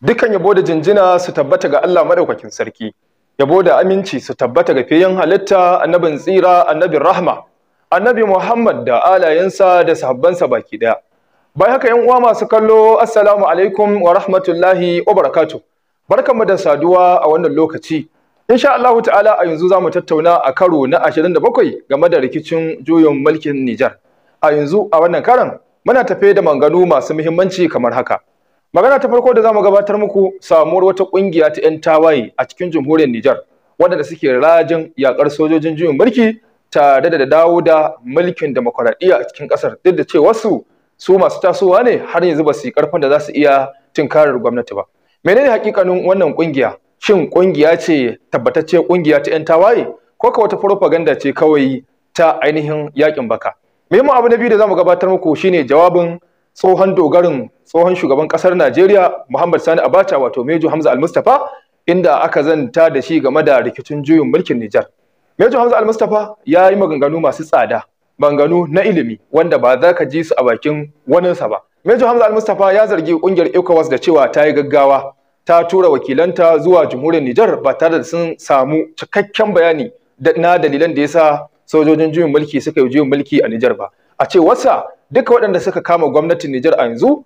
dukan yabo da jinjina su tabbata ga Allah madaukakin sarki yabo da aminci su tabbata ga fiyan halitta annabin tsira annabin rahma annabi Muhammad da alayensa da sahabbansa baki daya bai haka yan uwa masu kallo assalamu alaikum wa rahmatullahi wa barakatuh barkamu da saduwa a wannan lokaci insha Allah ta'ala a yanzu zamu tattauna a karo na 27 game da rikicin juyin mulkin Niger a yanzu a wannan karan muna tafe da manganu masu muhimmanci kamar haka magana ta farko da zamu gabatar muku samuwar wata kungiya ta yan tawaye a cikin jamhuriyar Nijar waɗanda suke rajin yakar sojojin juyin mulki tare da dawo da mulkin demokradiyya a cikin kasar duk da ce wasu su masu tasowa ne har yanzu ba su yi karfin da za su iya tunkarar gwamnati ba menene hakikanin wannan kungiya shin kungiya ce tabbatacce kungiya ta yan tawaye ko ka wata propaganda ce kawai ta ainihin yakin baka muhimmin abu na biyu da zamu gabatar muku shine jawabin tsohon dogarin tsohon shugaban kasar Najeriya Muhammad Sani Abacha wato Mejo Hamza Al-Mustafa inda aka zanta da shi game da rikicin juyin mulkin Nijar. Mejo Hamza Al-Mustafa ya yi maganganu masu tsada, maganganu na ilimi wanda ba za ka ji su a bakin waninsa ba. Mejo Hamza Al-Mustafa ya zargi kungiyar ECOWAS da cewa ta yi gaggawa ta tura wakilanta zuwa jamhuriyar Nijar ba tare da sun samu cikakken bayani na dalilan da yasa sojojin juyin mulki suka yi juyin mulki a Nijar ba. A ce wasa duka waɗanda suka kama gwamnatin Nijar a yanzu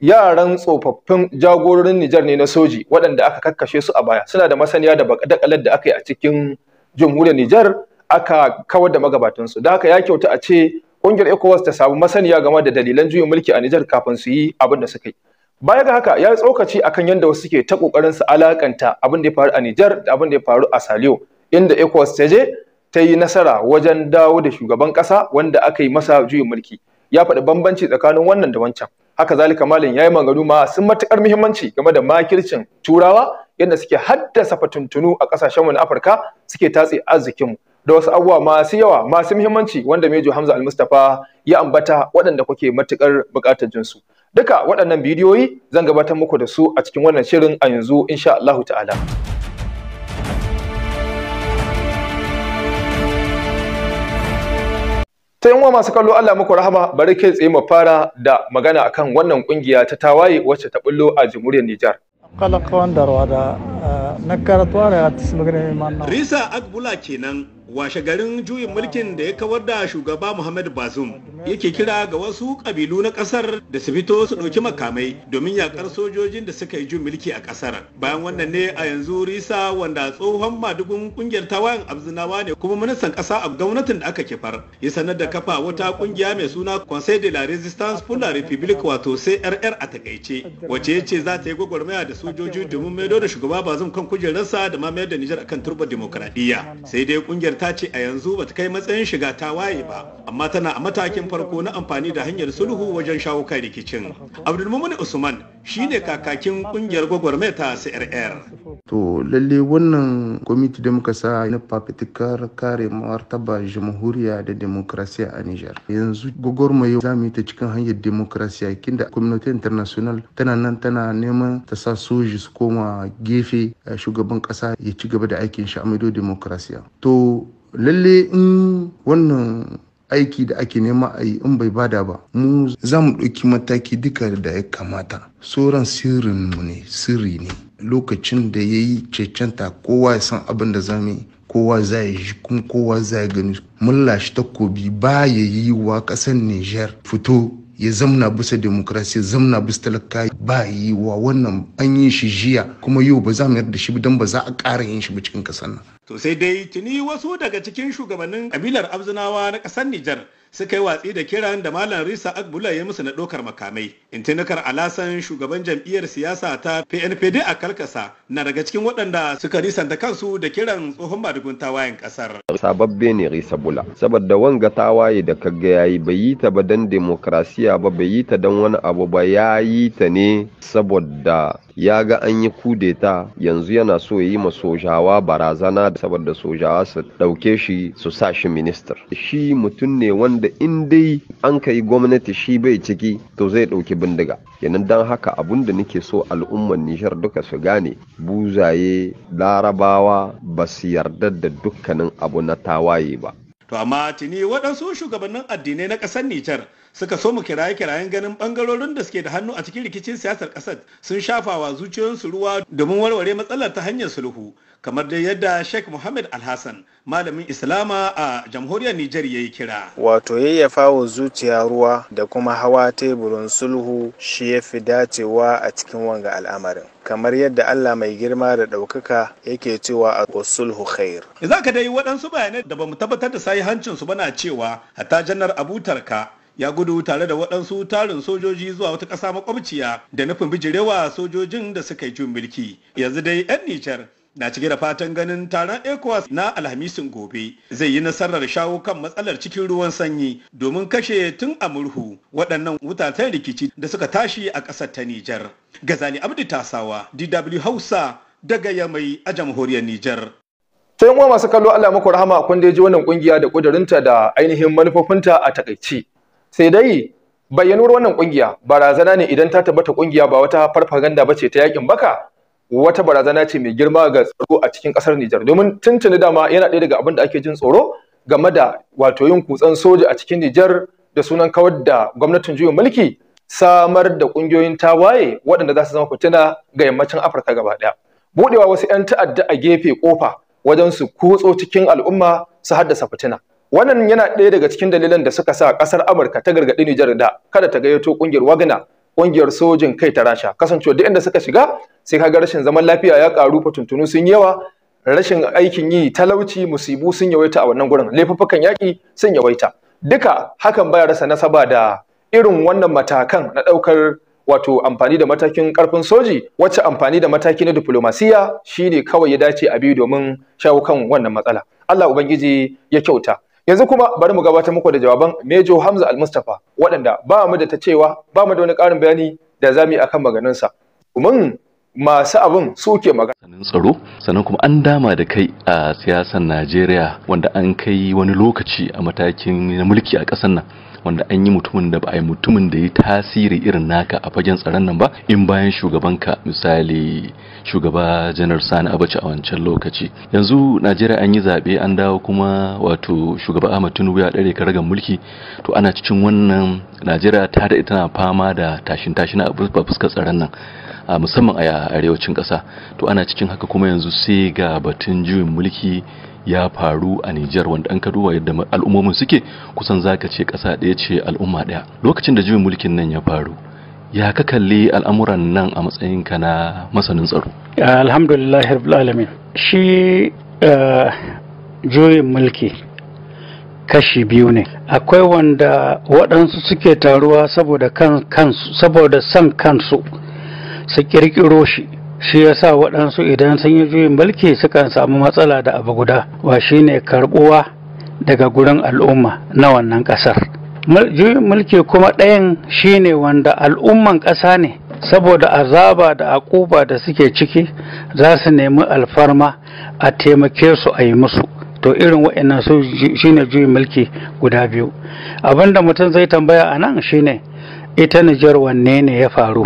yaran tsofaffin jagororin Nijar ne na soji waɗanda aka kakkashe su a baya suna da masaniya da bakadakalar da aka yi a cikin jamhuriyar Nijar aka kawar da magabatansu da haka ya kyauta a ce ƙungiyar ECOWAS ta samu masaniya game da dalilan juyin mulki a Nijar kafin su yi abin da suka yi baya ga haka ya tsokaci akan yadda wasu suke ta kokarin su alakanta abin da ya faru a Nijar da abin da ya faru a Saliyo inda ECOWAS ta je ta yi nasara wajen dawo da shugaban ƙasa wanda aka yi masa juyin mulki ya faɗi bambanci tsakanin wannan da wancan haka zalika malin yayi maganganu ma sun matukar muhimmanci game da makircin turawa yadda suke haddasa fatuntunu a kasashen mu na Afirka suke tatse arzikin mu da wasu abubuwa masu yawa masu muhimmanci wanda Mejo Hamza Al-Mustafa ya ambata waɗanda kuke matukar buƙatar jin su duka waɗannan bidiyoyi zan gabatar muku da su a cikin wannan shirin a yanzu insha Allah ta'ala To yanwa masu kallo Allah muku rahama bari ke tsaye mu fara da magana akan wannan kungiya ta tawaye wacce ta bullo a jamhuriyar Nijar. kala eh, Risa Agbula kenan washe garin juyin mulkin da ya kawar da shugaba Muhammadu Bazum? yake kira ga wasu kabilu na kasar da su fito su ɗauki makamai domin yakar sojojin da suka yi juyin mulki a kasar. Bayan wannan ne a yanzu Risa wanda tsohon madugun kungiyar tawayan Abzinawa ne kuma ministan ƙasa a gwamnatin da aka kifar ya sanar da kafa wata kungiya mai suna Conseil de la Resistance pour la République wato CRR a takaice wace ya ce za ta yi gwagwarmaya da sojoji domin maido da shugaba Bazum kan kujerarsa da ma mayar da Nijar akan turbar demokradiyya sai dai kungiyar ta ce a yanzu bata kai matsayin shiga ta waye ba amma tana a matakin farko na amfani da hanyar sulhu wajen shawo kan rikicin abdulmumin usman shine kakakin kungiyar gwagwarmaya ta CRR. To lalle wannan kwamiti da muka sa na fafitikar kare martaba jamhuriya da demokrasiya a Nijar. Yanzu gwagwarmaya za mu yi ta cikin hanyar demokrasiya kinda community international tana nan tana neman ta sa soji su koma gefe eh, shugaban kasa ya ci gaba da aikin shi a demokrasiya. To lalle in wannan aiki da ake nema a yi in bai bada ba mu za mu ɗauki mataki duka da ya kamata sauran sirrin mu ne sirri ne lokacin da ya yi cancanta kowa ya san abin da za mu yi kowa za ya ji kuma kowa za ya gani mun lashe takobi ba ya yi wa ƙasar niger fito ya zamna bisa demokrasiya zamna bisa talaka ba yi wa wannan an yi shi jiya kuma yau ba za mu yarda shi ba don ba za a ƙara yin shi ba cikin ƙasar nan Sosai dai tuni wasu daga cikin shugabannin kabilar Abzinawa na ƙasar Nijar suka yi watsi da kiran da malam risa agbula ya musu na ɗaukar makamai In intinakar alasan shugaban jam'iyyar siyasa ta pnpd a kalkasa na daga cikin waɗanda suka risanta kansu da kiran tsohon madugun tawayen ƙasar sababbe ne risa bula saboda wanga tawaye da kaga yayi bai yi ta ba dan demokrasiya ba bai yi ta dan wani abu ba ya yi ta ne saboda ya ga an yi kudeta yanzu yana so ya yi ma sojawa barazana saboda sojawa su ɗauke shi su sa shi minister shi mutum ne wanda wanda in dai an ka yi gwamnati shi bai ciki to zai ɗauki bindiga kenan don haka abun da nake so al'ummar nishar duka su gane buzaye larabawa ba su yarda da dukkanin abu na tawaye ba to amma tuni waɗansu shugabannin addinai na ƙasar nijar suka so mu kiraye kirayen ganin bangarorin da suke da hannu a cikin rikicin siyasar kasar sun shafawa zuciyoyinsu ruwa domin warware matsalar ta hanyar sulhu kamar dai yadda Sheikh Muhammad Alhassan malamin Islama a jamhuriyar Nijar ya yi kira. Wato yayyafa wa zuciya ruwa da kuma hawa teburin sulhu shi ya fi dacewa a cikin wanga al'amarin. kamar yadda Allah mai girma da ɗaukaka yake cewa a sulhu khair. Za ka dai waɗansu bayanai da bamu tabbatar da sahihancin su bana cewa hatta janar abutarka ya gudu tare da waɗansu tarin sojoji zuwa wata ƙasa makwabciya da nufin bijirewa sojojin da suka yi cin mulki yanzu dai 'yan nijar na cike da fatan ganin taron ecowas na alhamisin gobe zai yi nasarar shawo kan matsalar cikin ruwan sanyi domin kashe tun a murhu waɗannan wutatan rikici da suka tashi a ƙasar ta nijar gazali abdu tasawa dw hausa daga yamai a jamhuriyar nijar sai masu kallo allah maku rahama kun ji wannan kungiya da kudurinta da ainihin manufofinta a takaici sai dai bayyanuwar wannan kungiya barazana ne idan ta tabbata kungiya ba wata farfaganda bace ta yakin baka wata barazana ce mai girma ga tsaro a cikin kasar Nijar domin tuntuni dama yana ɗaya daga abin da ake jin tsoro game da wato yin kutsan soja a cikin Nijar da sunan kawar da gwamnatin juyin mulki samar da kungiyoyin tawaye waɗanda za su zama fitina ga yammacin Afirka gaba ɗaya budewa wasu 'yan ta'adda a gefe kofa wajen su kutso cikin al'umma su haddasa fitina wannan yana ɗaya daga cikin dalilan da suka sa ƙasar Amurka ta gargaɗi Nijar da kada ta gayyato ƙungiyar Wagner ƙungiyar sojin kai ta Rasha kasancewa duk inda suka shiga sai kaga rashin zaman lafiya ya ƙaru fatuntunu sun yi yawa rashin aikin yi talauci musibu sun yawaita a wannan gurin laifuffukan yaƙi sun yawaita duka hakan baya rasa nasaba da irin wannan matakan na ɗaukar wato amfani da matakin karfin soji wacce amfani da mataki na diplomasiya shine kawai ya dace a biyu domin shawo kan wannan matsala Allah ubangiji ya kyauta yanzu kuma bari mu gabatar muku da jawaban Mejo Hamza Al-Mustafa waɗanda ba mu da ta cewa ba mu da wani ƙarin bayani da zamu yi akan maganansa mun masu abin suke magana. Sanin tsaro sannan kuma an dama da kai a siyasar Najeriya wanda an kai wani lokaci a matakin mulki a ƙasar nan wanda an yi mutumin da ba a yi mutumin da ya tasiri irin naka a fagen tsaron nan ba in bayan shugaban ka misali shugaba janar sani abaci a wancan lokaci yanzu najeriya an yi zaɓe an dawo kuma wato shugaba ahmad tinubu ya ɗare karagar mulki to ana cikin wannan najeriya ta da tana fama da tashin tashin a fuskar tsaron nan a musamman a arewacin ƙasa to ana cikin haka kuma yanzu sai ga batun juyin mulki ya faru a Nijar wanda an ka duba yadda al'ummomin suke kusan zaka ce ƙasa ɗaya ce al'umma ɗaya lokacin da juyin mulkin nan ya faru ya ka kalli al'amuran nan a matsayin ka na masanin tsaro alhamdulillah rabbil alamin shi eh, juyin mulki kashi biyu ne akwai wanda waɗansu suke taruwa saboda kan kansu saboda son kansu su kirkiro shi shi sa waɗansu idan sun yi juyin mulki sukan samu matsala da abu guda wa shine karɓuwa daga gurin al'umma na wannan ƙasar juyin mulki kuma ɗayan shine wanda al'umman ƙasa ne saboda azaba da akuba da suke ciki za su nemi alfarma a taimake su a yi musu to irin waɗannan su shine juyin mulki guda biyu abinda mutum zai tambaya a nan shine ita nijar wanne ne ya faru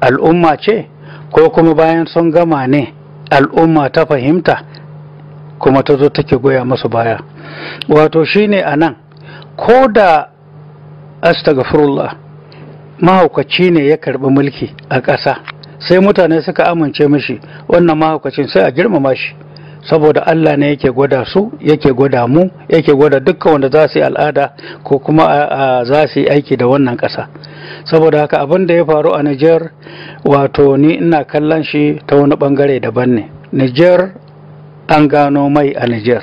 al'umma ce ko kuma bayan sun gama ne al'umma ta fahimta kuma ta zo take goya masu baya wato shine a nan ko da astagfirullah mahaukaci ne ya karɓi mulki a ƙasa sai mutane suka amince mashi wannan mahaukacin sai a girmama shi saboda Allah ne yake gwada su yake gwada mu yake gwada dukkan wanda za su yi al'ada ko kuma za su yi aiki da wannan ƙasa saboda haka abin da ya faru a Niger wato ni ina kallon shi ta wani bangare daban ne Niger an gano mai a Niger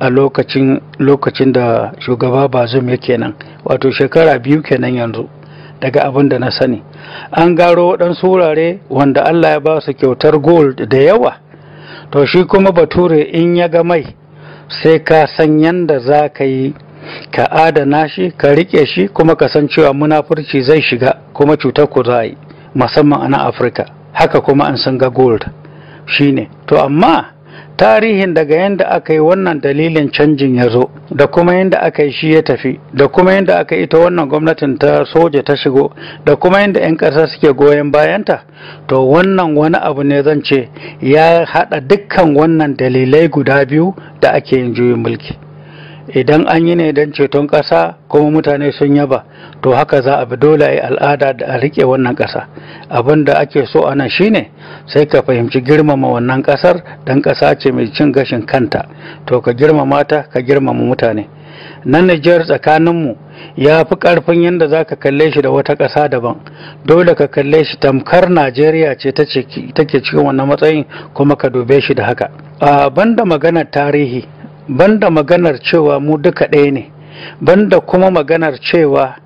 a lokacin lokacin da shugaba Bazum yake nan wato shekara biyu kenan yanzu daga abin da na sani an gano waɗansu wurare wanda Allah ya ba su kyautar gold da yawa to shi kuma bature in ya ga mai sai ka san yanda za ka yi ka adana shi ka riƙe shi kuma ka san cewa munafurci zai shiga kuma cutar ku za yi musamman a nan afirka haka kuma an san ga gold shi ne. to amma tarihin daga yadda aka yi wannan dalilin canjin ya zo da kuma yadda aka yi shi ya tafi da kuma yadda aka ita wannan gwamnatin ta soja ta shigo da kuma yadda 'yan ƙasa suke goyon bayanta to wannan wani abu ne zan ce ya haɗa dukkan wannan dalilai guda biyu da ake yin juyin mulki idan an yi ne don ceton ƙasa kuma mutane sun yaba to haka za a bi dole a yi al'ada da a riƙe wannan ƙasa abin da ake so a nan shine sai ka fahimci girmama wannan ƙasar don ƙasa ce mai cin gashin kanta to ka girmama ta ka girmama mutane na Nijar tsakaninmu ya fi ƙarfin yadda za ka kalle shi da wata ƙasa daban dole ka kalle shi tamkar Najeriya ce take cikin wannan matsayin kuma ka dube shi da haka. A Banda maganar tarihi banda maganar cewa mu duka ɗaya ne banda kuma maganar cewa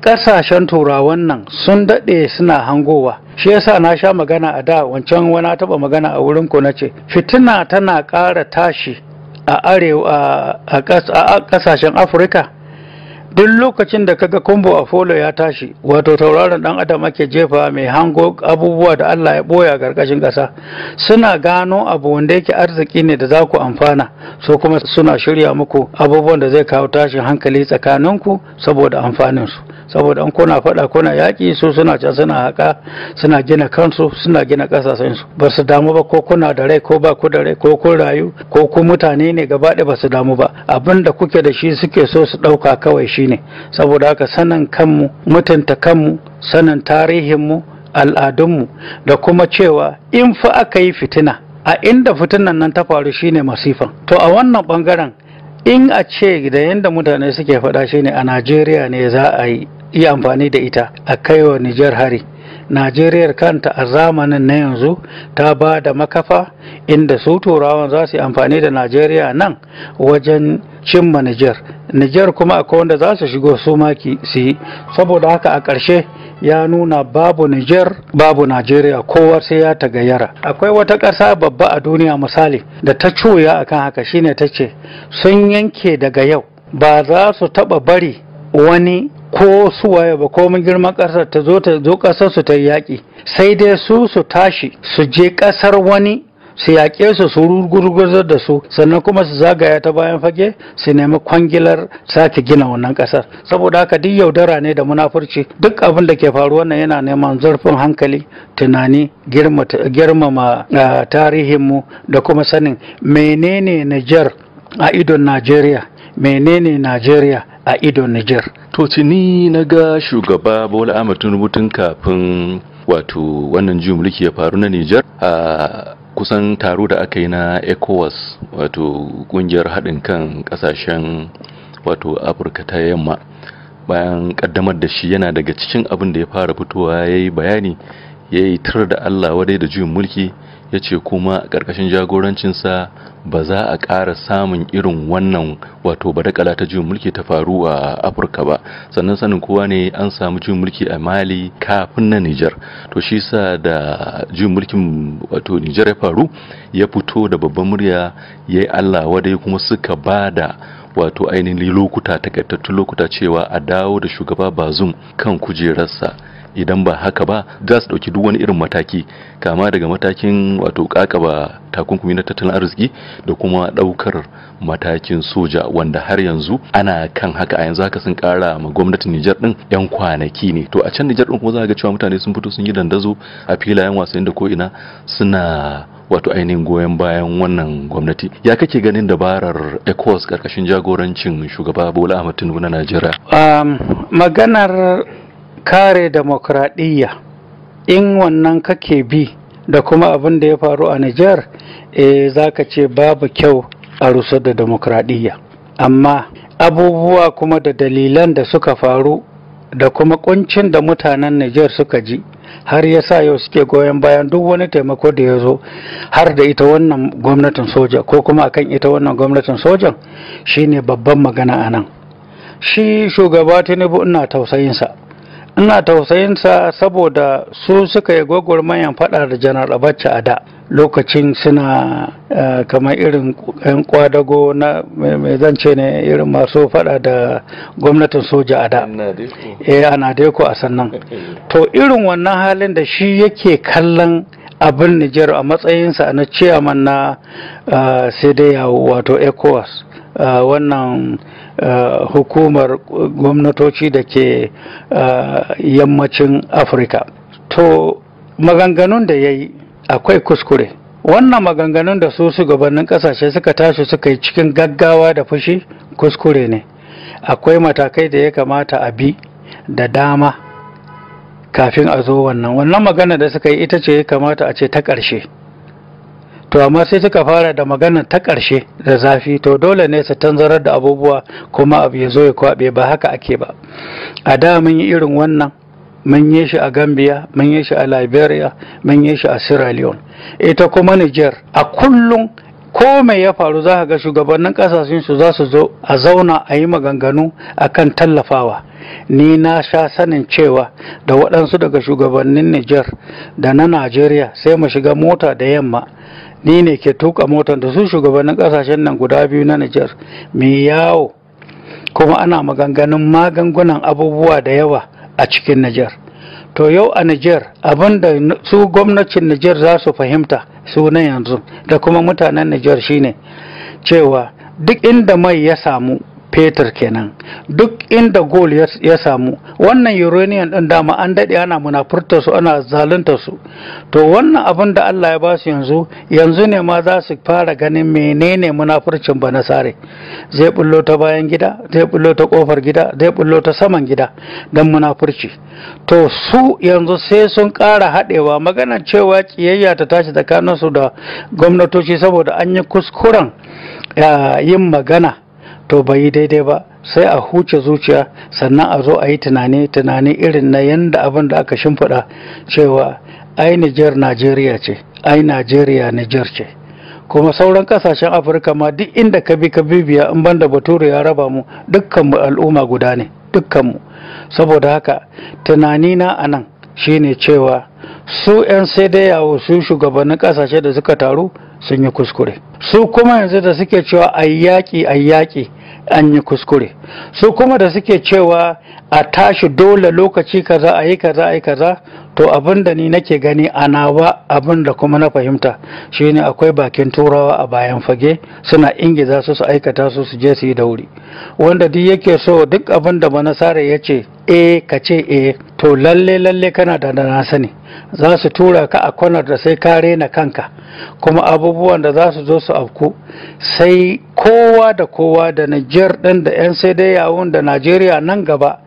ƙasashen turawan nan sun daɗe suna hangowa shi yasa na sha magana a da wancan wani taɓa magana a wurin ku na ce fitina tana ƙara tashi a a ƙasashen afirka duk lokacin da kaga a folo ya tashi wato tauraron dan adam ake jefa mai hango abubuwa da allah ya boya karkashin ƙasa suna gano abu wanda yake arziki ne da za ku amfana so kuma suna shirya muku abubuwan da zai kawo tashin hankali tsakaninku saboda amfaninsu saboda an kuna faɗa kuna yaki su suna can suna haƙa suna gina kansu suna gina su. ba su damu ba ko kuna da rai ko ba ku da rai ko kun rayu ko ku mutane ne gaba ɗaya ba su damu ba abin da kuke da shi suke so su ɗauka kawai shi ne saboda haka sanin kanmu mutunta kanmu sanin tarihinmu al'adunmu da kuma cewa in fa aka yi fitina a inda fitinan nan ta faru shine masifan to a wannan bangaren in a ce da yadda mutane suke faɗa shine a najeriya ne za a yi amfani da ita a kaiwa nijar hari najeriyar kanta a zamanin na yanzu ta ba da makafa inda su turawan za su yi amfani da najeriya nan wajen cimma nijar nijar kuma akwai wanda za su shigo su maki su yi saboda haka a ƙarshe ya nuna babu nijar babu najeriya kowa sai ya tagayyara akwai wata ƙasa babba a duniya misali da ta cuya akan haka shine ta ce sun yanke daga yau ba za su taɓa bari wani ko su waye ba ko mun girman ƙasar ta zo ta zo ƙasar su ta yaƙi sai dai su su tashi su je ƙasar wani su yaƙe su su rugurgurzar da su sannan kuma su zagaya ta bayan fage su nemi kwangilar sake gina wannan ƙasar saboda haka duk yaudara ne da munafurci duk abin da ke faruwa nan yana neman zurfin hankali tunani girmama eh, tarihinmu da kuma sanin menene Nijar a idon Najeriya menene Najeriya a idon Niger. To tuni na ga shugaba Bola Ahmed Tinubu tun kafin wato wannan jiya mulki ya faru na Niger a kusan taro da aka yi na ECOWAS wato kungiyar haɗin kan ƙasashen wato Afirka ta yamma bayan ƙaddamar da shi yana daga cikin abin da ya fara fitowa ya yi bayani ya yi tar da Allah wadai da juyin mulki ya ce kuma a ƙarƙashin jagorancinsa ba za a ƙara samun irin wannan wato badakala ta juyin mulki ta faru a afirka ba sannan sanin kowa ne an samu juyin mulki a mali kafin na nijar to shi sa da juyin mulkin wato nijar ya faru ya fito da babban murya ya yi allah wadai kuma suka ba da wato ainihin lokuta takaitattun lokuta cewa a dawo da shugaba bazum kan kujerarsa idan ba haka ba za su ɗauki duk wani irin mataki kama daga matakin wato kakaba takunkumi na tattalin arziki da kuma ɗaukar matakin soja wanda har yanzu ana kan haka a yanzu haka sun kara ma gwamnatin Nijar din yan kwanaki ne to a can Nijar din kuma za ga cewa mutane sun fito sun yi dandazo a filayen wasanni da ko ina suna wato ainihin goyon bayan wannan gwamnati ya kake ganin dabarar Ecos karkashin jagorancin shugaba Bola ahmad Tinubu na Najeriya maganar kare demokradiyya in wannan kake bi da kuma abin da ya faru a Nijar e eh, za ka ce babu kyau a rusa da demokradiyya amma abubuwa kuma da dalilan da suka faru da kuma kuncin da mutanen Nijar suka ji har ya sa yau suke goyon bayan duk wani taimako da ya zo har da ita wannan gwamnatin soja ko kuma akan ita wannan gwamnatin sojan shine babban magana a nan shi shugaba tinubu ina tausayinsa ina tausayinsa saboda su suka yi gwagwarmayan faɗa da janar abacha a da lokacin suna eh, kamar irin 'yan kwadago na mai zance ne irin masu faɗa da gwamnatin soja a da eh ku a sannan to irin wannan halin da shi yake kallon abin nijar a matsayinsa na ciyaman na eh, sai dai yawo wato ecowas wannan hukumar gwamnatoci da ke yammacin afirka to maganganun da ya yi akwai kuskure wannan maganganun da su shugabannin kasashe suka tashi suka yi cikin gaggawa da fushi kuskure ne akwai matakai da ya kamata a bi da dama kafin a zo wannan wannan magana da suka yi ita ce ya kamata a ce ta ƙarshe to amma sai suka fara da magana ta ƙarshe da zafi to dole ne su tanzarar da abubuwa kuma abu ya zo ya kwaɓe ba haka ake ba a da mun yi irin wannan mun yi shi a gambia mun yi shi a liberia mun yi shi a sierra leone ita kuma niger a kullum ko mai ya faru za ka ga shugabannin kasashen su za su zo a zauna a yi maganganu a kan tallafawa ni na sha sanin cewa da waɗansu daga shugabannin niger da na najeriya sai mu shiga mota da yamma ni ne ke tuka motar da su shugabannin kasashen nan guda biyu na Nijar mai yawo kuma ana maganganun magungunan abubuwa da yawa a cikin Nijar. To yau a Nijar abin da su gwamnatin Nijar za su fahimta su yanzu da kuma mutanen Nijar shine cewa duk inda mai ya samu fetur kenan duk inda Gol ya samu wannan uranium din dama an daɗe ana munafurta su ana zalunta su to wannan abin da Allah ya ba su yanzu yanzu ne ma za su fara ganin menene munafurcin ba na sare zai bullo ta bayan gida zai bullo ta kofar gida zai bullo ta saman gida don munafurci to su yanzu sai sun ƙara haɗewa maganar cewa kiyayya ta tashi tsakaninsu da gwamnatoci saboda an yi kuskuren eh, yin magana to bai yi daidai ba sai a huce zuciya sannan a zo a yi tunani tunani irin na yanda abin da aka shimfiɗa cewa ai Nijar Najeriya ce ai Najeriya Nijar ce kuma sauran kasashen Afirka ma duk inda ka bi ka bibiya in banda Bature ya raba mu dukkan mu al'umma guda ne dukkan mu saboda haka tunani na anan shine cewa su 'yan sai da yawo su shugabannin kasashe da suka taru sun yi kuskure su kuma yanzu da suke cewa a yaƙi a yaƙi an yi kuskure su kuma da suke cewa a tashi dole lokaci kaza a yi kaza a yi kaza to abin da ni nake gani a nawa abin da kuma na fahimta shine akwai bakin turawa a bayan fage suna ingiza su su aikata su su je su yi da wuri wanda duk yake so duk abin da manasara ya ce e ka ce e to lalle lalle kana da na sani za su tura ka a kwanar da sai ka rena kanka kuma abu abubuwan da za su zo su afku sai kowa da kowa da Nijar ɗin da 'yan sai dai yawon da Najeriya nan gaba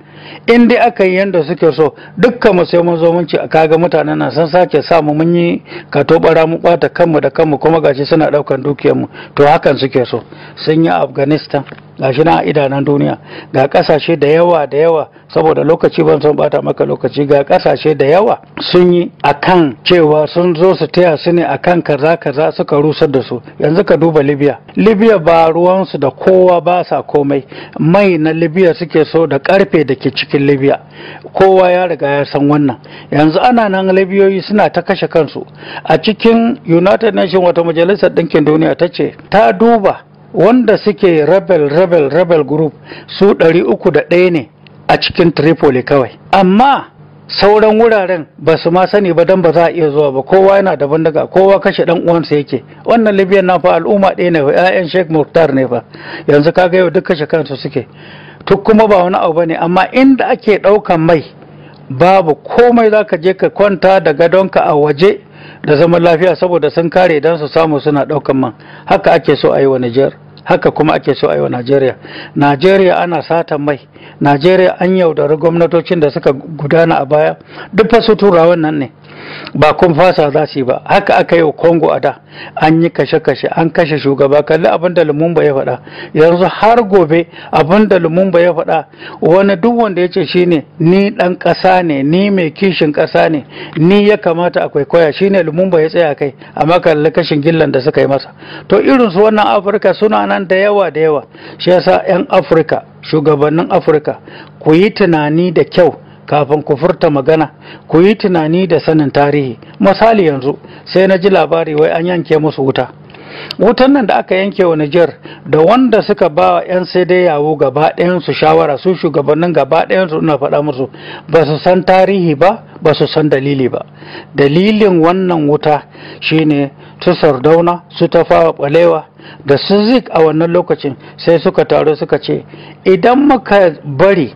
in dai aka yi yadda suke so dukkan mu sai mun zo mun ci a kaga mutanen nan sun sake samu mun yi ka tobara mu ɓata kanmu da kanmu kuma gashi suna daukan mu to hakan suke so sun yi Afghanistan gashi na idanun duniya ga kasashe da yawa da yawa saboda lokaci ban san bata maka lokaci ga kasashe da yawa sun yi akan cewa sun zo su taya su ne akan kaza kaza suka rusar da su yanzu ka duba libya libya ba ruwansu da kowa ba sa komai mai na libya suke so da karfe da ke cikin libya kowa ya riga ya san wannan yanzu ana nan libiyoyi suna ta kashe kansu a cikin united nations wata majalisar ɗinkin duniya ta ce ta duba wanda suke rebel rebel rebel group su ɗari uku da ɗaya ne a cikin tripoli kawai amma sauran wuraren ba su ma sani ba don ba za a iya zuwa ba kowa yana daban daga kowa kashe dan uwansa yake wannan Libya na fa al'umma ɗaya ne fa 'ya'yan sheikh muktar ne ba. yanzu kaga yau duk kashe kansu suke duk kuma ba wani abu bane amma inda ake ɗaukan mai babu komai za ka je ka kwanta da gadonka a waje da zaman lafiya saboda sun kare don su samu suna ɗaukan man haka ake so a yi wa Nijar. haka kuma ake so a yi wa najeriya najeriya ana satan mai najeriya an yaudari gwamnatocin da suka gudana a baya duk fasu turawan nan ne ba kun fasa za su yi ba haka aka yi wa Kongo a da an yi kashe-kashe an kashe shugaba kalli abin da lumumba ya faɗa yanzu har gobe abin da lumumba ya faɗa wani duk wanda ya ce shi ne, ni ɗan ƙasa ne ni mai kishin ƙasa ne ni ya kamata a kwaikwaya shine lumumba ya tsaya kai amma kalli kashin gillan da suka yi masa to irin su wannan afirka suna nan da yawa da yawa shi yasa 'yan afirka shugabannin afirka ku yi tunani da kyau kafin ku furta magana ku yi tunani da sanin tarihi misali yanzu sai na ji labari wai an yanke musu wuta wutan nan da aka yanke wa Nijar da wanda suka ba wa 'yan sai dai yawo gaba su shawara su shugabannin gaba su ina faɗa musu ba su san tarihi ba ba su san dalili ba dalilin wannan wuta shine su sardauna su ta fawa ɓalewa da su zik a wannan lokacin sai suka taru suka ce idan muka bari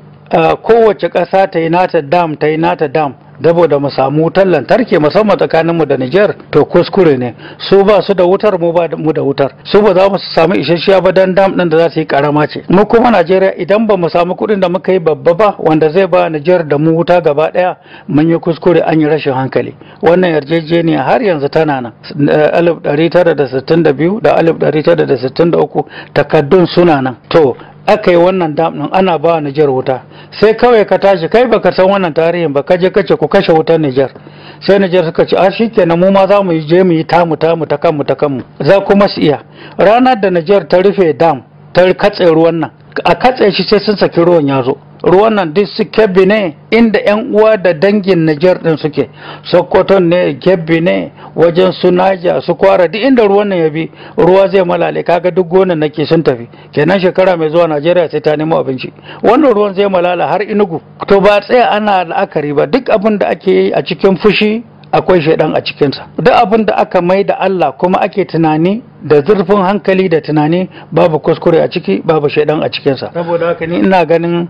kowace ƙasa ta yi nata dam ta yi nata dam da mu samu wutar lantarki musamman mu da Nijar to kuskure ne su ba su da wutar mu ba mu da wutar su ba za mu samu isasshiya ba dan dam din da za su yi karama ce mu kuma Najeriya idan ba mu samu kuɗin da muka yi babba ba wanda zai ba Nijar da mu wuta gaba ɗaya mun yi kuskure an yi rashin hankali wannan yarjejeniya har yanzu tana nan 1962 da 1963 takaddun suna nan to aka yi wannan dam ana ba Nijar wuta sai kawai ka tashi kai baka san wannan tarihin ba Ka kaje kace ku kashe wutar Nijar sai Nijar suka ce a shikenan mu ma za mu je mu yi tamu tamu ta kanmu ta kanmu za kuma su iya ranar da Nijar ta rufe dam ta katse ruwan nan a katse shi sai sun saki ruwan ya zo ruwan nan duk su kebbi ne inda yan uwa da dangin Nijar din suke Sokoton ne kebbi ne wajen su Naja su kwara duk inda ruwan nan ya bi ruwa zai malale kaga duk gonan nake sun tafi kenan shekara mai zuwa Najeriya sai ta nemo abinci wannan ruwan zai malala har Inugu to ba tsaya ana la'akari ba duk abin da ake yi a cikin fushi akwai shaidan a cikinsa duk abin da aka mai da Allah kuma ake tunani da zurfin hankali da tunani babu kuskure a ciki babu shaidan a cikinsa saboda haka ni ina ganin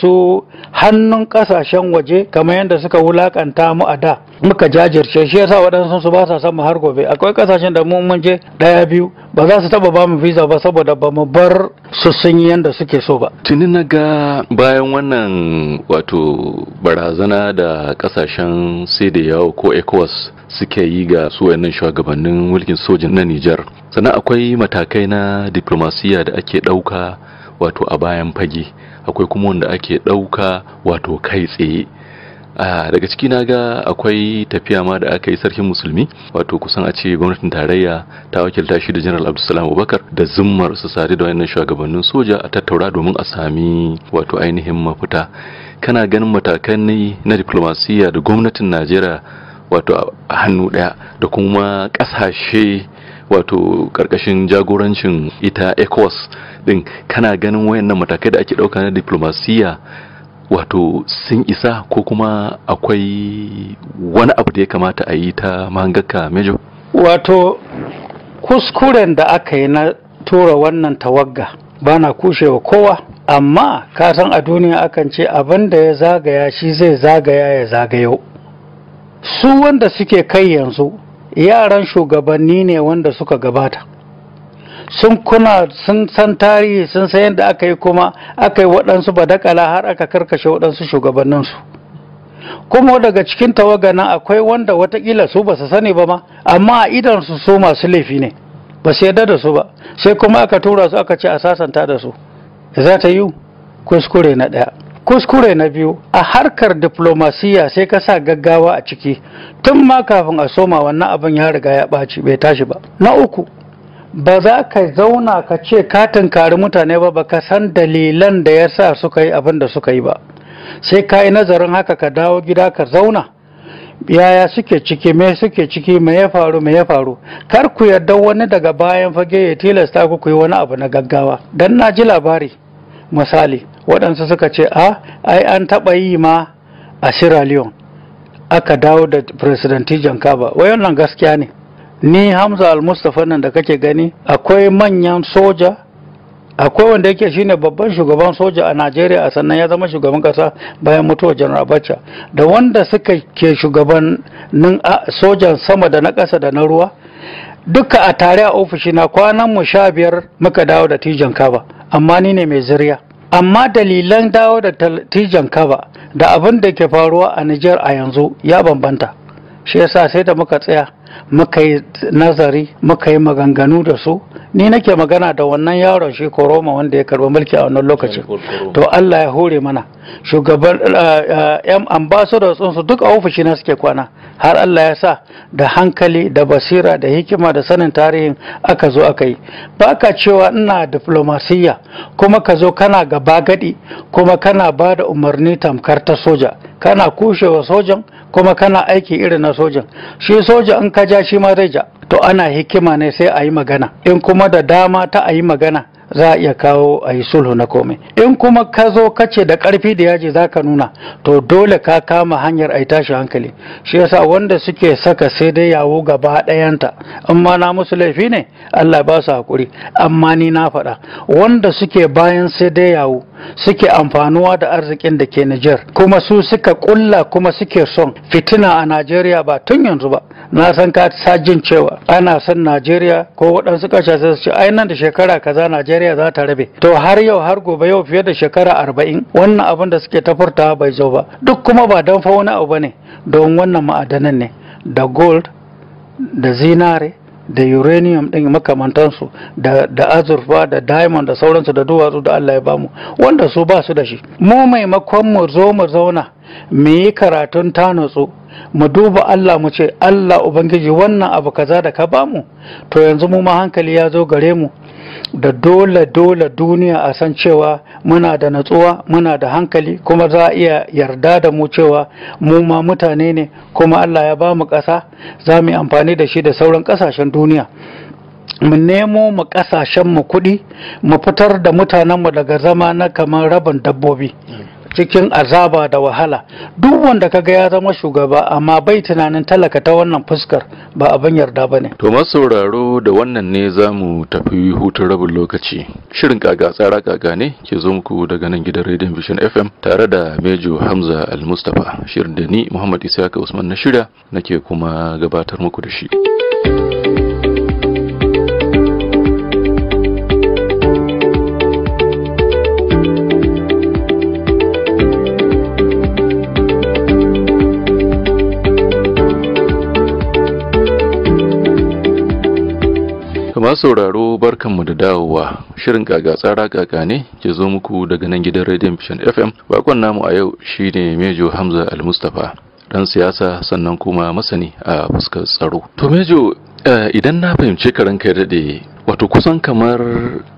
su hannun kasashen waje kamar yadda suka wulakanta mu a da muka jajirce shi yasa waɗansu su ba sa son mu har gobe akwai kasashen da mu mun je ɗaya biyu ba za su taba ba mu visa ba saboda ba mu bar su sun yi yanda suke so ba tuni na ga bayan wannan wato barazana da kasashen sai da yawo ko ecowas suke yi ga su wayannan shugabannin mulkin sojin na Nijar sannan akwai matakai na diplomasiya da ake ɗauka wato a bayan fage akwai kuma wanda ake ɗauka wato kai tsaye a daga ciki na ga akwai tafiya ma da aka yi sarkin musulmi wato kusan a ce gwamnatin tarayya ta wakilta shi da general abdulsalam abubakar da zummar su sare da wayannan shugabannin soja a tattaura domin a sami wato ainihin mafita kana ganin matakan na diplomasiya da gwamnatin najeriya wato a hannu daya da kuma ƙasashe wato ƙarƙashin jagorancin ita ecos din kana ganin wayannan matakai da ake ɗauka na diplomasiya wato sun isa ko kuma akwai wani abu da ya kamata a yi ta mangaka mejo wato kuskuren da aka yi na tura wannan tawagga ba na kushewa kowa amma kasan a duniya akan ce abin da ya zagaya shi zai zagaya ya zagayo su wanda suke kai yanzu yaran shugabanni ne wanda suka gabata sun kuna sun san tarihi sun san yadda aka yi kuma aka yi waɗansu ba badakala har aka karkashe waɗansu shugabanninsu kuma daga cikin tawaga nan akwai wanda watakila su ba su sani ba ma amma a idansu su masu laifi ne ba su yarda da su ba sai kuma aka tura su aka ce a sasanta da su za ta yi kuskure na ɗaya kuskure na biyu a harkar diplomasiya sai ka sa gaggawa a ciki tun ma kafin a soma wannan abin ya riga ya ɓaci bai tashi ba na uku ba za ka zauna ka ce ka tunkari mutane ba ba ka san dalilan da ya sa suka yi abin da suka yi ba sai ka yi nazarin haka ka dawo gida ka zauna yaya suke ciki me suke ciki me ya faru me ya faru kar ku yarda wani daga bayan fage ya tilasta ku yi wani abu na gaggawa dan na ji labari misali waɗansu suka ce a ai an taɓa yi ma a sierra leone aka dawo da president Jankaba. kaba wannan gaskiya ne ni hamza al-mustapha nan da kake gani akwai manyan soja akwai wanda yake shine babban shugaban soja a najeriya a sannan ya zama shugaban kasa bayan mutuwar janar abacha da wanda suka ke shugabannin sojan sama da na kasa da na ruwa duka a tare a ofishina kwanan mu sha biyar muka dawo da tijan kaba amma ni ne mai zirya amma dalilan dawo da tijan kaba da abin da ke faruwa a niger a yanzu ya bambanta shi yasa sai da muka tsaya muka yi nazari muka yi maganganu da su ni nake magana da wannan yaron shi koroma wanda ya karba mulki a wannan lokacin to Allah ya hore mana shugaban yan eh, eh, ambassadors sun su duk a ofishi na suke kwana har Allah ya sa da hankali da basira da hikima da sanin tarihin aka zo aka yi ba ka cewa ina diplomasiyya kuma ka zo kana gaba gadi kuma kana ba da umarni tamkar ta soja kana kushewa sojan kuma kana aiki irin na sojan shi soja in ka ja shi ma zai ja to ana hikima ne sai a yi magana in kuma da dama ta a yi magana za a iya kawo a yi sulhu na komai in kuma ka zo ka ce da karfi da yaji za ka nuna to dole ka kama hanyar a tashi hankali shi yasa wanda suke saka sai dai yawo gaba ɗayanta in ma na musu laifi ne Allah ba su haƙuri amma ni na faɗa wanda suke bayan sai dai yawo suke amfanuwa da arzikin da ke Nijar kuma su suka ƙulla kuma suke son fitina a Najeriya ba tun yanzu ba na san ka sa cewa ana son Najeriya ko waɗansu ƙasashe su ce ai da shekara kaza Najeriya najeriya za ta rabe to har yau har gobe yau fiye da shekara arba'in wannan abin da suke ta furtawa bai zo ba duk kuma ba don fa wani abu ne don wannan ma'adanan ne da gold da zinare da uranium ɗin makamantansu da, da azurfa da diamond da sauransu da duwatsu da Allah ya bamu wanda su ba su da shi mu maimakon mu zo mu zauna mu yi karatun tanutsu mu duba Allah mu ce Allah Ubangiji wannan abu kaza da ka bamu to yanzu mu ma hankali ya zo gare mu da dole dole duniya a san cewa muna da natsuwa muna da hankali kuma za a iya yarda da mu cewa mu ma mutane ne kuma Allah ya ba mu ƙasa za mu yi amfani da shi da sauran ƙasashen duniya mu nemo mu ƙasashen mu kuɗi mu fitar da mutanenmu daga zama na kamar rabin dabbobi cikin azaba da wahala duk wanda ka ga ya zama shugaba amma bai tunanin talaka ta wannan fuskar ba abin yarda ba ne. to masauraro da wannan ne za mu tafi hutun rabin lokaci shirin kaga tsara kaga ne ke zo muku daga nan gidan Radio Vision FM tare da Mejo Hamza Al Mustafa shirin da ni Muhammad Isaka Usman na shirya nake kuma gabatar muku da shi masu sauraro 'Barkan mu da dawowa shirin gaga tsara gaga ne ke zo muku daga nan gidan radio mission fm bakon namu a yau shine mejo hamza al-mustapha dan siyasa sannan kuma masani a fuskar tsaro to mejo eh, idan na fahimci karin kai daɗe wato kusan kamar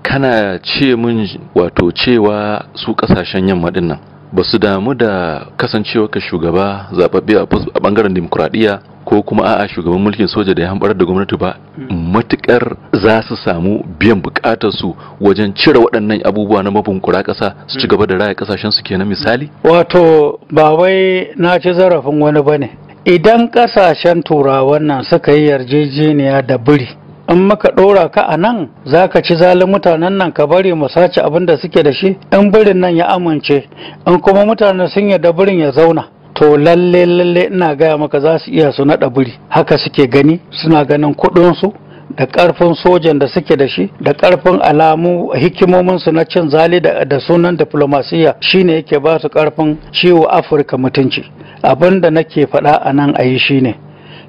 kana ce mun wato cewa su kasashen yamma dinnan, nan ba su damu da kasancewa ka shugaba zababbe a bangaren dimokuraɗiyya ko kuma a'a shugaban mulkin soja da ya hambar da gwamnati ba matukar za su samu biyan bukatar su wajen cire waɗannan abubuwa na mabunkura ƙasa su ci gaba da raya ƙasashen su kenan misali wato ba wai na ci zarafin wani bane idan ƙasashen turawan nan suka yi yarjejeniya da biri in maka ɗora ka a nan za ka ci zalin mutanen nan ka bari mu sace abin da suke da shi in birin nan ya amince in kuma mutanen sun yarda birin ya zauna to lalle lalle ina gaya maka za su iya su naɗa biri haka suke gani suna ganin kuɗinsu da ƙarfin sojan da suke da shi da ƙarfin alamu hikimominsu na cin zali da sunan diflomasiyya shine yake ba su ƙarfin ciwo afirka mutunci abin da nake faɗa a nan a yi shine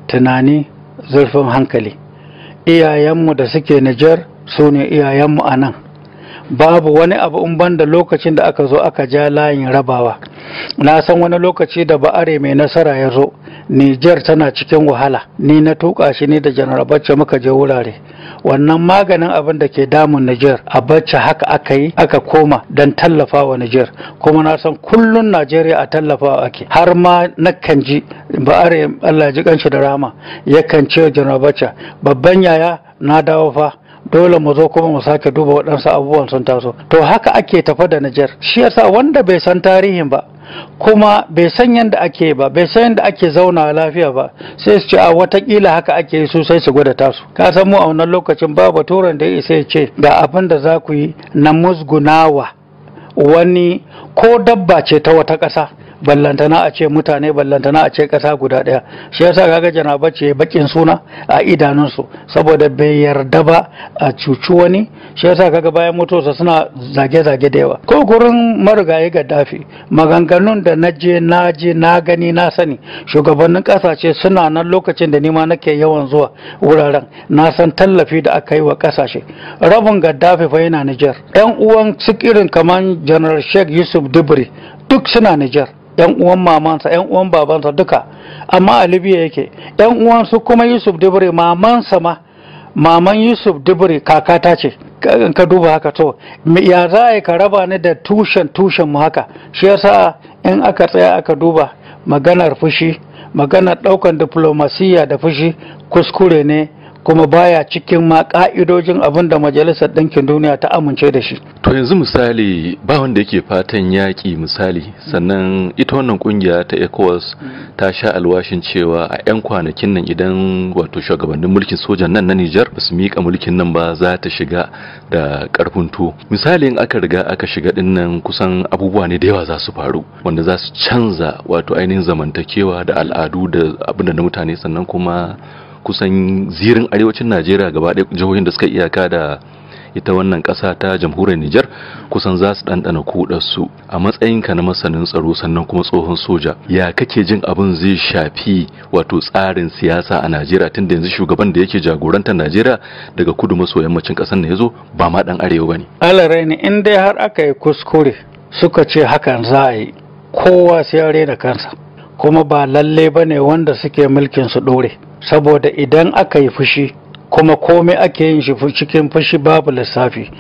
tunani zurfin hankali iyayenmu da suke nijar su ne iyayenmu a nan babu wani abu in banda lokacin da aka zo aka ja layin rabawa na san wani lokaci da ba'are mai nasara ya zo Nijar tana cikin wahala ni na tuka shi ne da janar bacce muka je wurare wannan maganin abin da ke damun Nijar, a haka aka yi aka koma don tallafa wa niger kuma na san kullun najeriya a tallafa ake har ma na kan ji ba'are allah ji kanshi da rama yakan ce janar babban yaya na dawo fa dole mu zo kuma mu sake duba waɗansu abubuwan sun taso to haka ake tafa da Nijar shi yasa wanda bai san tarihin ba kuma bai san yadda ake ba bai san yadda ake zauna lafiya ba sai su ce a watakila haka ake yi su sai su gwada tasu ka san mu a wannan lokacin ba baturan da ya isa ya ce ga abin da za ku yi na musgunawa wani ko dabba ce ta wata ƙasa ballantana a ce mutane ballantana a ce ƙasa guda ɗaya shi yasa kaga janaba ce bakin suna a idanunsu saboda bai yarda ba a cuci wani shi yasa kaga bayan mutuwarsa suna zage-zage da yawa ko gurin marigayi gaddafi maganganun da na je na je na gani na sani shugabannin ƙasashe suna nan lokacin da nima nake yawan zuwa wuraren na san tallafi da aka yi wa ƙasashe rabin gaddafi fa yana Nijar. 'yan uwan su irin kamar General Sheikh Yusuf Dubri duk suna Nijar yan uwan mamansa yan uwan babansa duka amma a libya yake yan uwansu kuma yusuf dibri mamansa ma maman yusuf dubure kakata ce ka duba haka to ya za a yi ka raba ni da tushen tushen mu haka shi yasa in aka tsaya aka duba maganar fushi maganar ɗaukan diplomasiya da fushi kuskure ne kuma baya cikin ma ka'idojin abin da majalisar ɗinkin duniya ta amince da shi to yanzu misali ba wanda yake fatan yaki misali sannan ita wannan kungiya ta ecowas ta sha alwashin cewa a 'yan kwanakin nan idan wato shugabannin mulkin sojan nan na nijar ba su miƙa mulkin nan ba za ta shiga da ƙarfin to misali in aka riga aka shiga ɗin kusan abubuwa ne da yawa za su faru wanda za su canza wato ainihin zamantakewa da al'adu da abin da na mutane sannan kuma kusan zirin arewacin najeriya gaba ɗaya jihohin da suka iyaka da ita wannan ƙasa ta jamhuriyar Nijar kusan za su ɗanɗana kuɗarsu a matsayinka na masanin tsaro sannan kuma tsohon soja ya kake jin abin zai shafi wato tsarin siyasa a Najeriya tunda yanzu shugaban da yake jagorantar Najeriya daga kudu maso yammacin ƙasar na yazo ba ma ɗan arewa bane. Alarai ne in dai har aka yi kuskure suka ce hakan za a yi kowa sai ya rena kansa kuma ba lalle bane wanda suke mulkin su ɗore. saboda idan aka yi fushi kuma komai ake yin shi cikin fushi babu lissafi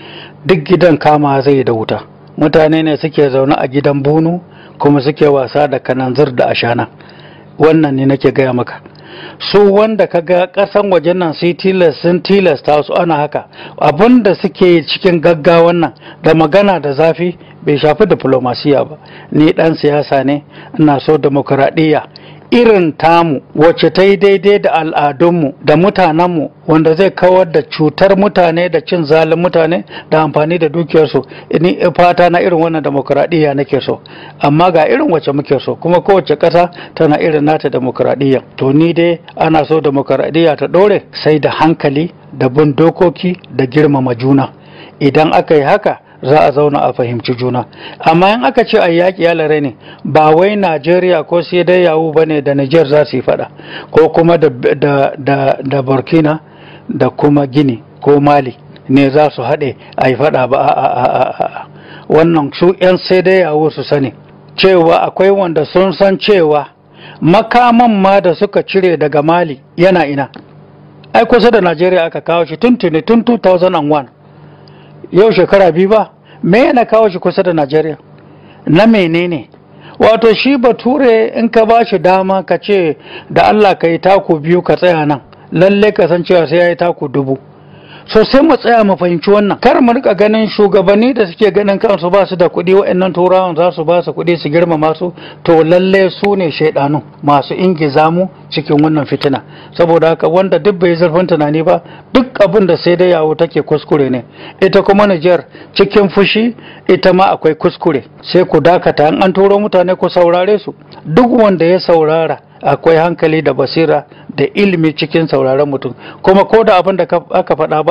duk gidan kama zai da wuta mutane ne suke zaune a gidan bunu kuma suke wasa da kananzir da ashana wannan ne nake gaya maka su wanda ka ga ƙasan wajen nan sai tilas sun tilasta su ana haka abin da suke cikin gaggawan nan da magana da zafi bai shafi diplomasiya ba ni dan siyasa ne ina so demokuraɗiyya irin tamu wacce ta yi daidai da al'adunmu da mutanenmu wanda zai kawar da cutar mutane da cin zalin mutane da amfani da dukiyarsu ni fata na irin wannan demokuraɗiyya nake so amma ga irin wacce muke so kuma kowace ƙasa tana irin nata demokuraɗiyya to ni dai ana so demokuraɗiyya ta ɗore sai da hankali da bin dokoki da girmama juna idan aka yi haka za a zauna a fahimci juna amma in aka ce a yaƙi ya lare ne ba wai najeriya ko sai dai yawo ba ne da niger za su yi faɗa ko kuma da burkina da kuma gini ko mali ne za su haɗe a yi faɗa ba a wannan su 'yan sai dai yawo su sani cewa akwai wanda sun san cewa makaman ma da suka cire daga mali yana ina ai kusa da najeriya aka kawo shi tun tuni tun 2001 yau shekara biyu ba me yana kawo shi kusa da najeriya na menene wato shi bature in ka ba shi dama ka ce da allah ka yi taku biyu ka tsaya nan lalle ka san cewa sai ya yi taku dubu so sai mu tsaya mu fahimci wannan kar mu rika ganin shugabanni da suke ganin kansu ba su da kuɗi waɗannan turawan za su ba su kuɗi su girmama su to lalle su ne shaidanu masu ingiza mu cikin wannan fitina saboda haka wanda duk bai zurfin tunani ba duk abin da sai dai yawo take kuskure ne ita kuma Nijar cikin fushi ita ma akwai kuskure sai ku dakata an turo mutane ku saurare su duk wanda ya saurara akwai hankali da basira da ilimi cikin sauraron mutum kuma ko da abin da aka faɗa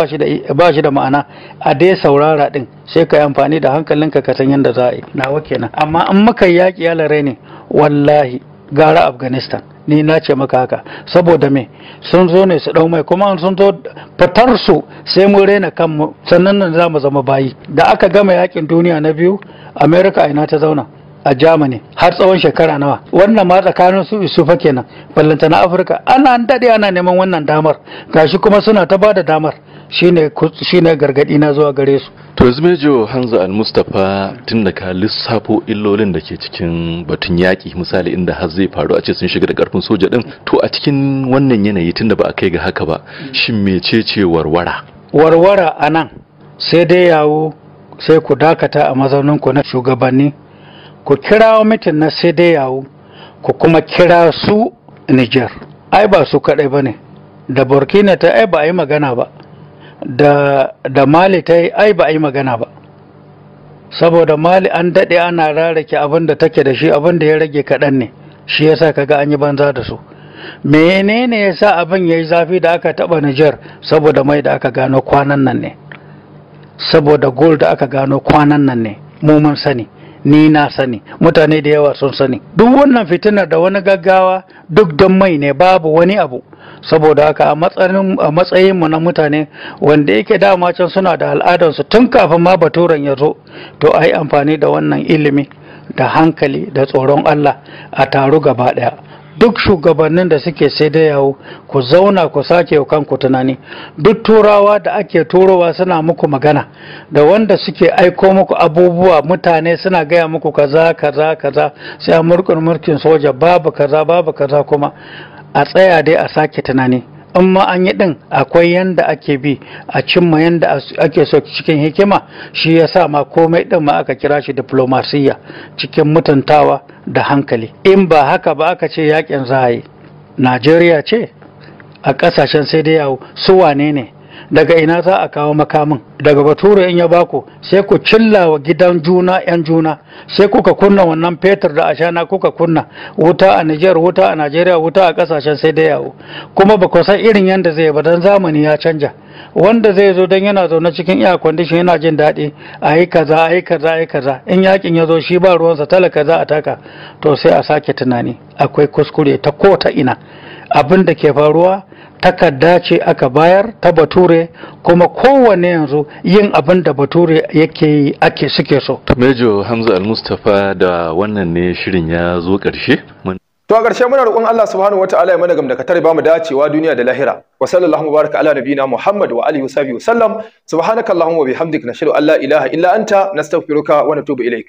ba shi da ma'ana a dai saurara ɗin sai ka yi amfani da hankalinka ka san yadda za a yi nawa kenan amma in muka yaƙi yalarai ne wallahi gara afghanistan ni na ce maka haka saboda me sun zo ne su ɗau mai kuma sun zo fitar su sai mu raina kanmu sannan nan za mu zama bayi da aka gama yakin duniya na biyu america ina ta zauna a Germany har tsawon shekara nawa wannan ma tsakanin su isufa kenan ballanta na Afirka ana daɗe ana neman wannan damar gashi kuma suna ta bada damar shine shine gargadi na zuwa gare su to yanzu hanza al-mustapha tun da ka lissafo illolin da ke cikin batun yaki misali inda har zai faru a ce sun shiga da ƙarfin soja din to a cikin wannan yanayi tun da ba a kai ga haka ba shin mecece warwara warwara anan sai dai yawo sai ku dakata a ku na shugabanni ku kirawo mitin na sai dai yawo ku kuma kira su niger ai ba su kaɗai ba ne da burkina ta ai ba a magana ba da, mali ta yi ai ba a magana ba saboda mali an daɗe ana rarrake abin da take da shi abin da ya rage kaɗan ne shi yasa kaga an yi banza da su menene ya sa abin ya yi zafi da aka taɓa Niger saboda mai da aka gano kwanan nan ne saboda gold da aka gano kwanan nan ne mu mun sani ni na sani mutane da yawa sun sani duk wannan fitina da wani gaggawa duk don mai ne babu wani abu saboda haka a matsayin mu na mutane wanda yake dama can suna da al'adarsu tun kafin ma baturen ya zo to a yi amfani da wannan ilimi da hankali da tsoron Allah a taru gaba ɗaya duk shugabannin da suke sai da yawo ku zauna ku sake kanku tunani duk turawa da ake turowa suna muku magana da wanda suke aiko muku abubuwa mutane suna gaya muku kaza kaza kaza sai a murkin soja babu kaza babu kaza kuma a tsaya dai a sake tunani in ma an yi din akwai yanda ake bi a cimma yanda ake so cikin hikima shi ya sa ma komai din ma aka kira shi diplomasiya cikin mutuntawa da hankali in ba haka ba aka ce yakin za a yi najeriya ce a ƙasashen sai dai yawo su wane ne daga ina za a kawo makamin daga bature in ya baku sai ku cilla wa gidan juna yan juna sai kuka kunna wannan fetur da ashana kuka kunna wuta a Nijar wuta a Najeriya wuta a kasashen sai da yawo kuma ba ku irin yadda zai ba dan zamani ya canja wanda zai zo dan yana zaune cikin air condition yana jin daɗi a yi kaza a yi kaza a yi kaza in yakin ya zo shi ba ruwansa talaka za a taka to sai a sake tunani akwai kuskure ta ko ta ina abin da ke faruwa takarda ce aka bayar ta bature kuma kowane yanzu yin abin da bature yake yi ake suke so. Mejo Hamza Al-Mustapha da wannan ne shirin ya zo ƙarshe. To a ƙarshe muna roƙon Allah subhanahu wa ta'ala ya mana gam da katar ba mu dacewa duniya da lahira. Wa sallallahu baraka ala nabiyina Muhammad wa alihi wa sallam subhanakallahumma wa bihamdika nashhadu an la ilaha illa anta nastaghfiruka wa natubu ilaik.